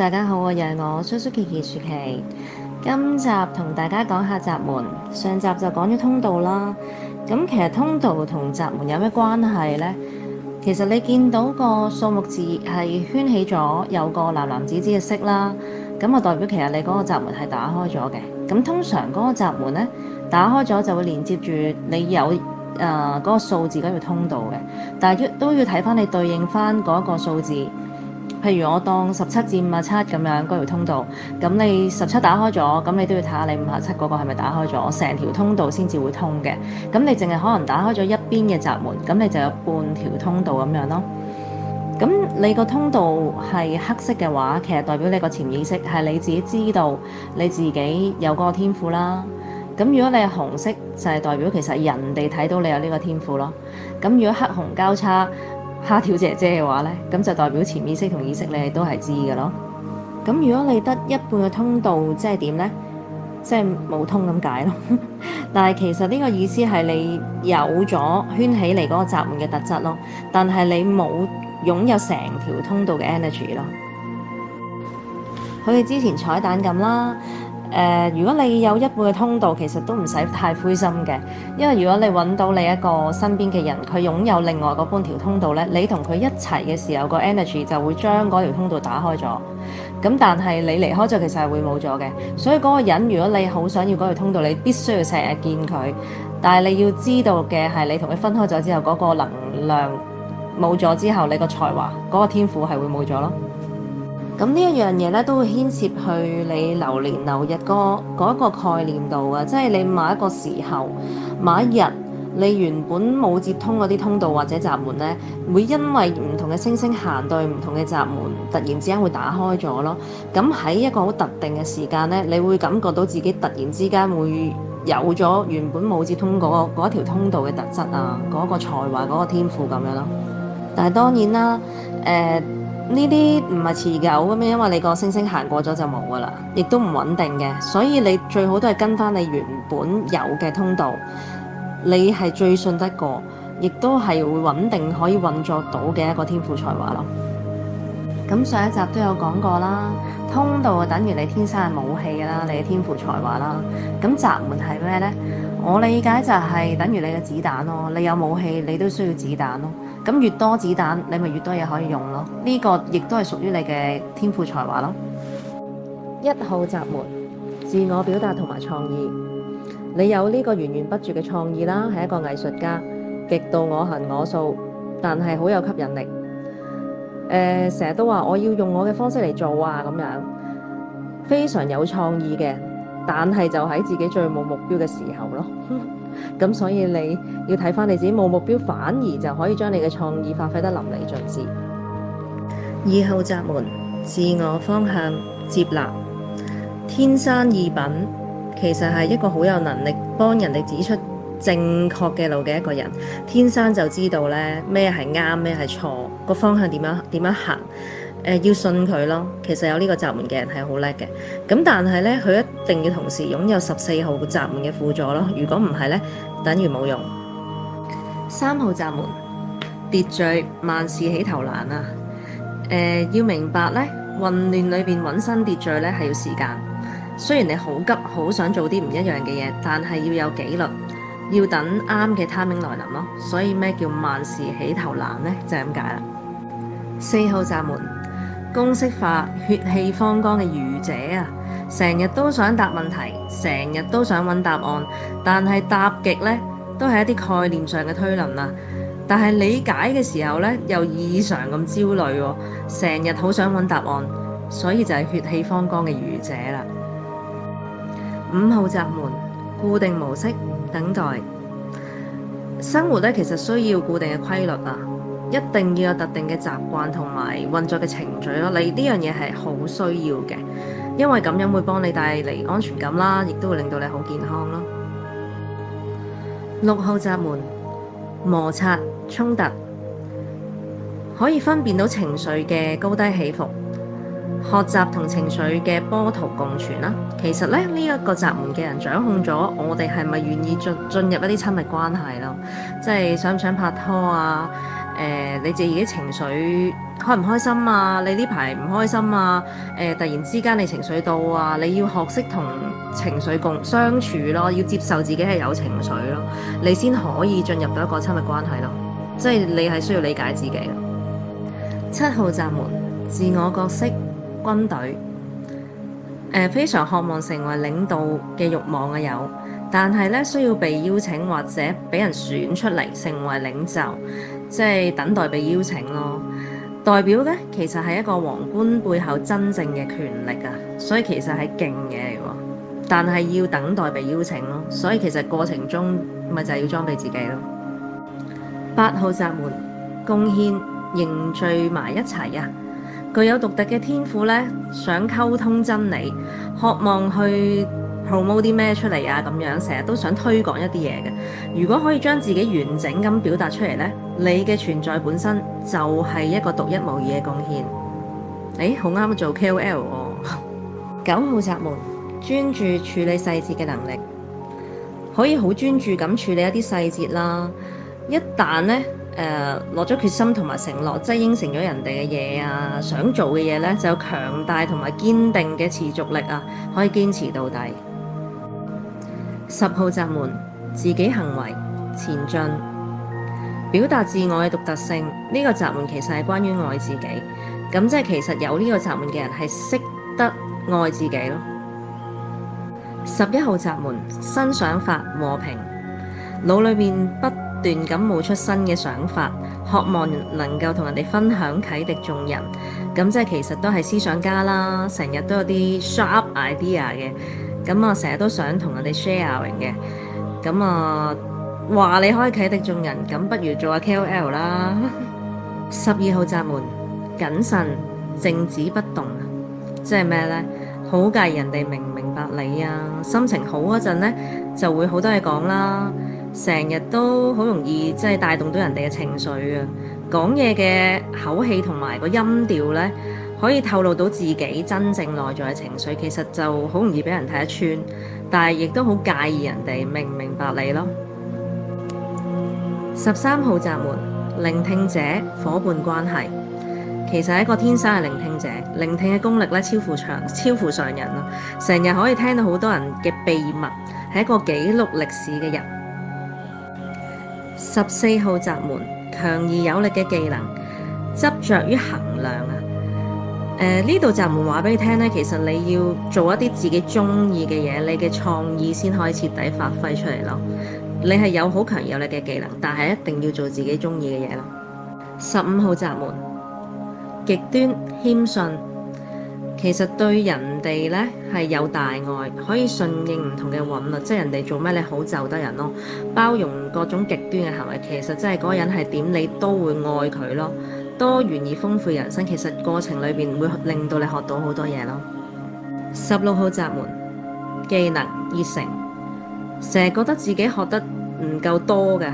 大家好，又係我 susukiki 薯琪。今集同大家講下閘門。上集就講咗通道啦。咁其實通道同閘門有咩關係呢？其實你見到個數目字係圈起咗，有個藍藍紫紫嘅色啦。咁啊代表其實你嗰個閘門係打開咗嘅。咁通常嗰個閘門呢，打開咗就會連接住你有誒嗰、呃那個數字嗰條通道嘅。但係都要睇翻你對應翻嗰個數字。譬如我當十七至五啊七咁樣嗰條通道，咁你十七打開咗，咁你都要睇下你五啊七嗰個係咪打開咗，成條通道先至會通嘅。咁你淨係可能打開咗一邊嘅閘門，咁你就有半條通道咁樣咯。咁你個通道係黑色嘅話，其實代表你個潛意識係你自己知道你自己有嗰個天賦啦。咁如果你係紅色，就係代表其實人哋睇到你有呢個天賦咯。咁如果黑紅交叉，蝦條姐姐嘅話呢，咁就代表潛意識同意識你都係知嘅咯。咁如果你得一半嘅通道，即係點呢？即係冇通咁解咯。 但係其實呢個意思係你有咗圈起嚟嗰個閘門嘅特質咯，但係你冇擁有成條通道嘅 energy 咯。好似之前彩蛋咁啦。呃，如果你有一半嘅通道，其實都唔使太灰心嘅，因為如果你揾到你一個身邊嘅人，佢擁有另外嗰半條通道呢，你同佢一齊嘅時候，嗰個 energy 就會將嗰條通道打開咗。咁但係你離開咗，其實係會冇咗嘅。所以嗰個人，如果你好想要嗰條通道，你必須要成日見佢。但係你要知道嘅係，你同佢分開咗之後，嗰個能量冇咗之後，你個才華嗰個天賦係會冇咗咯。咁呢一樣嘢咧，都會牽涉去你流年流日嗰嗰一個概念度啊，即係你某一個時候某一日，你原本冇接通嗰啲通道或者閘門呢，會因為唔同嘅星星行對唔同嘅閘門，突然之間會打開咗咯。咁喺一個好特定嘅時間呢，你會感覺到自己突然之間會有咗原本冇接通嗰嗰、嗰個、條通道嘅特質啊，嗰、嗰個才華嗰、嗰個天賦咁樣咯。但係當然啦，誒、呃。呢啲唔係持久咁樣，因為你個星星行過咗就冇㗎喇，亦都唔穩定嘅，所以你最好都係跟返你原本有嘅通道，你係最信得過，亦都係會穩定可以運作到嘅一個天賦才華咯。咁上一集都有講過啦，通道啊等於你天生嘅武器啦，你嘅天賦才華啦。咁閘門係咩呢？我理解就係等於你嘅子彈咯，你有武器，你都需要子彈咯。咁越多子彈，你咪越多嘢可以用咯。呢、呢個亦都係屬於你嘅天賦才華咯。一號閘門，自我表達同埋創意。你有呢個源源不絕嘅創意啦，係一個藝術家，極度我行我素，但係好有吸引力。誒、呃，成日都話我要用我嘅方式嚟做啊，咁樣非常有創意嘅。但係就喺自己最冇目標嘅時候咯，咁 所以你要睇返你自己冇目標，反而就可以將你嘅創意發揮得淋漓盡致。二號閘門，自我方向接納，天生異稟，其實係一個好有能力幫人哋指出正確嘅路嘅一個人，天生就知道呢咩係啱，咩係錯，個方向點樣點樣行。誒、呃、要信佢咯，其實有呢個閘門嘅人係好叻嘅。咁但係咧，佢一定要同時擁有十四號閘門嘅輔助咯。如果唔係咧，等於冇用。三號閘門，秩序萬事起頭難啊！誒、呃、要明白咧，混亂裏邊揾新秩序咧係要時間。雖然你好急，好想做啲唔一樣嘅嘢，但係要有紀律，要等啱嘅 timing 來臨咯、啊。所以咩叫萬事起頭難咧？就係咁解啦。四號閘門。公式化、血氣方剛嘅愚者啊，成日都想答問題，成日都想揾答案，但係答極咧都係一啲概念上嘅推論啦、啊。但係理解嘅時候咧，又異常咁焦慮喎、啊，成日好想揾答案，所以就係血氣方剛嘅愚者啦。五號閘門，固定模式，等待。生活咧其實需要固定嘅規律啊。一定要有特定嘅習慣同埋運作嘅程序咯。你呢樣嘢係好需要嘅，因為咁樣會幫你帶嚟安全感啦，亦都會令到你好健康咯。六號閘門，摩擦衝突，可以分辨到情緒嘅高低起伏，學習同情緒嘅波濤共存啦。其實咧，呢一個閘門嘅人掌控咗我哋係咪願意進進入一啲親密關係咯，即係想唔想拍拖啊？誒、呃，你自己情緒開唔開心啊？你呢排唔開心啊？誒、呃，突然之間你情緒到啊！你要學識同情緒共相處咯，要接受自己係有情緒咯，你先可以進入到一個親密關係咯。即係你係需要理解自己嘅七號閘門自我角色軍隊誒、呃，非常渴望成為領導嘅慾望嘅有，但係咧需要被邀請或者俾人選出嚟成為領袖。即係等待被邀請咯，代表咧其實係一個皇冠背後真正嘅權力啊，所以其實係勁嘢嚟喎。但係要等待被邀請咯，所以其實過程中咪就係要裝備自己咯。八號閘門，貢獻凝聚埋一齊啊！具有獨特嘅天賦咧，想溝通真理，渴望去 promote 啲咩出嚟啊？咁樣成日都想推廣一啲嘢嘅。如果可以將自己完整咁表達出嚟呢，你嘅存在本身就係一個獨一無二嘅貢獻。誒、欸，好啱做 KOL 哦。 九號閘門，專注處理細節嘅能力，可以好專注咁處理一啲細節啦。一旦呢，誒、呃、落咗決心同埋承諾，即係應承咗人哋嘅嘢啊，想做嘅嘢呢，就有強大同埋堅定嘅持續力啊，可以堅持到底。十號閘門，自己行為前進，表達自我嘅獨特性。呢個閘門其實係關於愛自己。咁即係其實有呢個閘門嘅人係識得愛自己咯。十一號閘門，新想法和平，腦裏面不斷咁冒出新嘅想法，渴望能夠同人哋分享啟迪眾人。咁即係其實都係思想家啦，成日都有啲 sharp idea 嘅。咁我成日都想同人哋 sharing 嘅，咁啊，話你可以啟迪眾人，咁不如做下 KOL 啦。十二號閘門，謹慎靜止不動，即係咩呢？好介意人哋明唔明白你啊？心情好嗰陣呢，就會好多嘢講啦。成日都好容易，即係帶動到人哋嘅情緒啊！講嘢嘅口氣同埋個音調呢。可以透露到自己真正內在嘅情緒，其實就好容易俾人睇得穿，但係亦都好介意人哋明唔明白你咯。十三號閘門，聆聽者，伙伴關係，其實係一個天生嘅聆聽者，聆聽嘅功力呢超乎長，超乎常人。成日可以聽到好多人嘅秘密，係一個記錄歷史嘅人。十四號閘門，強而有力嘅技能，執着於衡量。誒，呢度閘門話俾你聽呢，其實你要做一啲自己中意嘅嘢，你嘅創意先可以徹底發揮出嚟咯。你係有好強有力嘅技能，但係一定要做自己中意嘅嘢咯。十五號閘門，極端謙遜，其實對人哋呢，係有大愛，可以順應唔同嘅韻律，即係人哋做咩你好就得人咯，包容各種極端嘅行為，其實真係嗰個人係點，你都會愛佢咯。多元而豐富人生，其實過程裏邊會令到你學到好多嘢咯。十六號閘門，技能熱誠，成日覺得自己學得唔夠多嘅，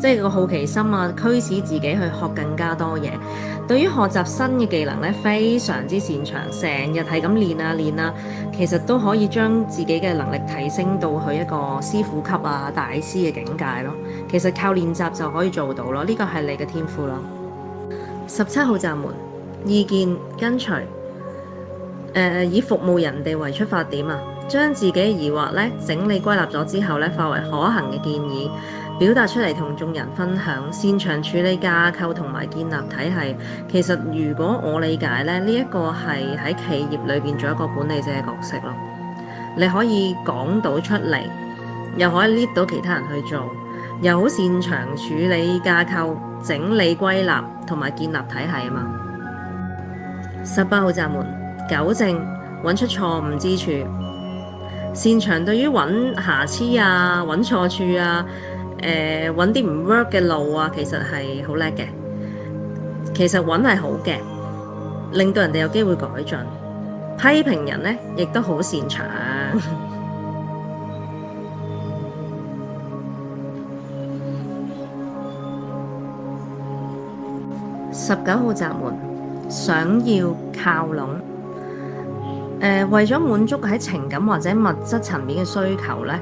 即係個好奇心啊，驅使自己去學更加多嘢。對於學習新嘅技能呢，非常之擅長，成日係咁練啊練啊。其實都可以將自己嘅能力提升到去一個師傅級啊、大師嘅境界咯。其實靠練習就可以做到咯，呢個係你嘅天賦咯。十七號閘門，意見跟隨，呃、以服務人哋為出發點，將自己疑惑整理歸納咗之後，化為可行嘅建議，表達出嚟同眾人分享，擅長處理架構同埋建立體系。其實如果我理解呢一個係喺企業裏面做一個管理者嘅角色，你可以講到出嚟，又可以 lead 到其他人去做。又好擅長處理架構、整理歸納同埋建立體系啊嘛！十八號閘門，糾正，揾出錯誤之處，擅長對於揾瑕疵啊、揾錯處啊、誒揾啲唔 work 嘅路啊，其實係好叻嘅。其實揾係好嘅，令到人哋有機會改進。批評人咧，亦都好擅長。 十九號閘門想要靠攏，誒、呃、為咗滿足喺情感或者物質層面嘅需求咧，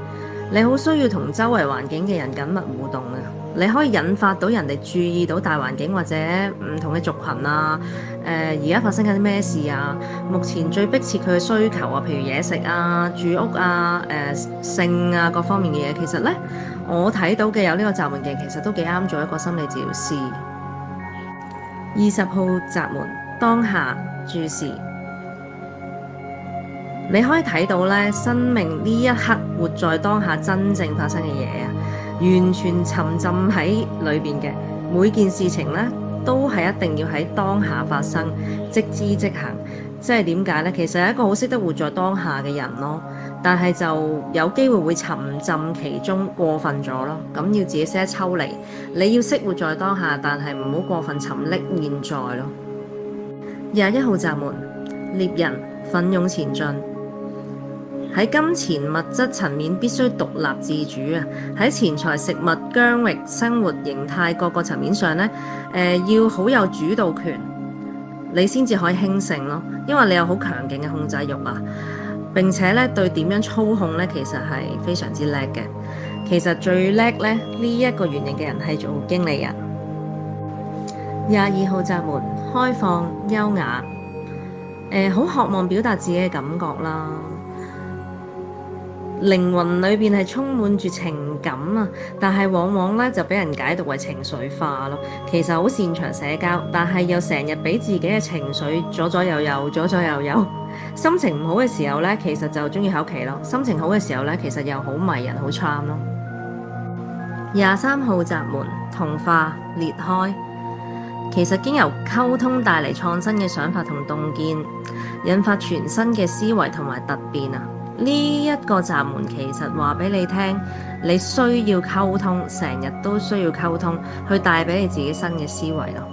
你好需要同周圍環境嘅人緊密互動啊！你可以引發到人哋注意到大環境或者唔同嘅族群啊，誒而家發生緊啲咩事啊？目前最迫切佢嘅需求啊，譬如嘢食啊、住屋啊、誒、呃、性啊各方面嘅嘢，其實咧我睇到嘅有呢個閘門嘅，其實都幾啱做一個心理治療師。二十號閘門，當下注視，你可以睇到呢，生命呢一刻活在當下真正發生嘅嘢啊，完全沉浸喺裏面嘅每件事情呢，都係一定要喺當下發生，即知即行。即係點解呢？其實係一個好識得活在當下嘅人咯。但係就有機會會沉浸其中，過分咗咯。咁要自己先抽離。你要識活在當下，但係唔好過分沉溺現在咯。廿一號閘門，獵人奮勇前進。喺金錢物質層面必須獨立自主啊！喺錢財、食物、疆域、生活形態各個層面上呢，誒、呃、要好有主導權，你先至可以興盛咯。因為你有好強勁嘅控制欲啊！並且咧對點樣操控咧，其實係非常之叻嘅。其實最叻咧呢一個原型嘅人係做經理人。廿二號閘門，開放優雅，誒、呃、好渴望表達自己嘅感覺啦。靈魂裏邊係充滿住情感啊，但係往往咧就俾人解讀為情緒化咯。其實好擅長社交，但係又成日俾自己嘅情緒左左右右，左左右右。心情唔好嘅時候呢，其實就中意喺屋企咯；心情好嘅時候呢，其實又好迷人，好慘咯。廿三號閘門同化裂開，其實經由溝通帶嚟創新嘅想法同洞見，引發全新嘅思維同埋突變啊！呢、這、一個閘門其實話俾你聽，你需要溝通，成日都需要溝通，去帶俾你自己新嘅思維咯。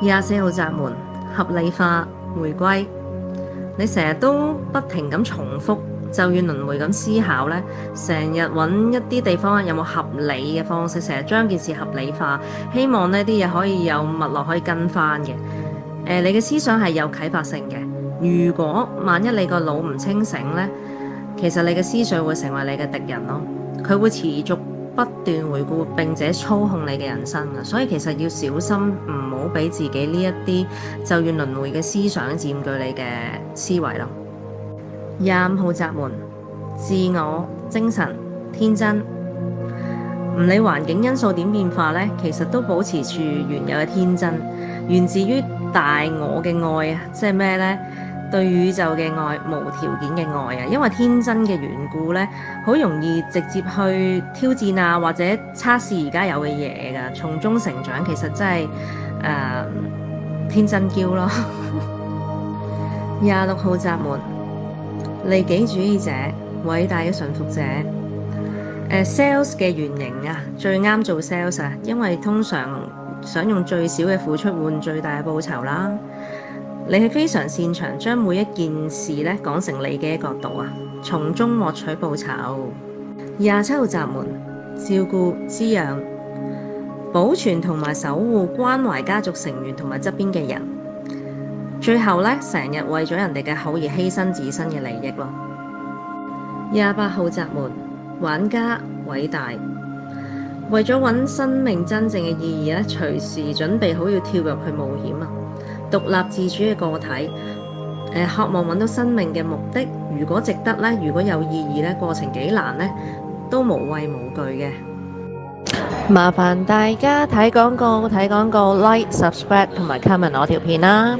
廿四號閘門合理化回歸。你成日都不停咁重複，就要輪迴咁思考咧，成日揾一啲地方有冇合理嘅方式，成日將件事合理化，希望呢啲嘢可以有脈絡可以跟返嘅。誒、呃，你嘅思想係有啟發性嘅。如果萬一你個腦唔清醒咧，其實你嘅思想會成為你嘅敵人咯，佢會持續。不斷回顧，並且操控你嘅人生，所以其實要小心，唔好俾自己呢一啲就要輪迴嘅思想佔據你嘅思維咯。廿五號閘門，自我、精神、天真，唔理環境因素點變化，呢其實都保持住原有嘅天真，源自於大我嘅愛啊，即係咩呢？對宇宙嘅愛，無條件嘅愛啊！因為天真嘅緣故呢，好容易直接去挑戰啊，或者測試而家有嘅嘢噶，從中成長其實真係誒、呃、天真嬌咯。廿 六號閘門，利己主義者，偉大嘅順服者。sales、呃、嘅原型啊，最啱做 sales 啊，因為通常想用最少嘅付出換最大嘅報酬啦。你係非常擅長將每一件事咧講成你嘅角度啊，從中獲取報酬。廿七號閘門照顧、滋養、保存同埋守護、關懷家族成員同埋側邊嘅人。最後呢，成日為咗人哋嘅口而犧牲自身嘅利益。二十八號閘門玩家偉大，為咗搵生命真正嘅意義咧，隨時準備好要跳入去冒險啊！獨立自主嘅個體，誒、呃，渴望搵到生命嘅目的。如果值得呢？如果有意義呢？過程幾難呢？都無畏無懼嘅。麻煩大家睇廣告，睇廣告，like、subscribe 同埋 comment 我條片啦。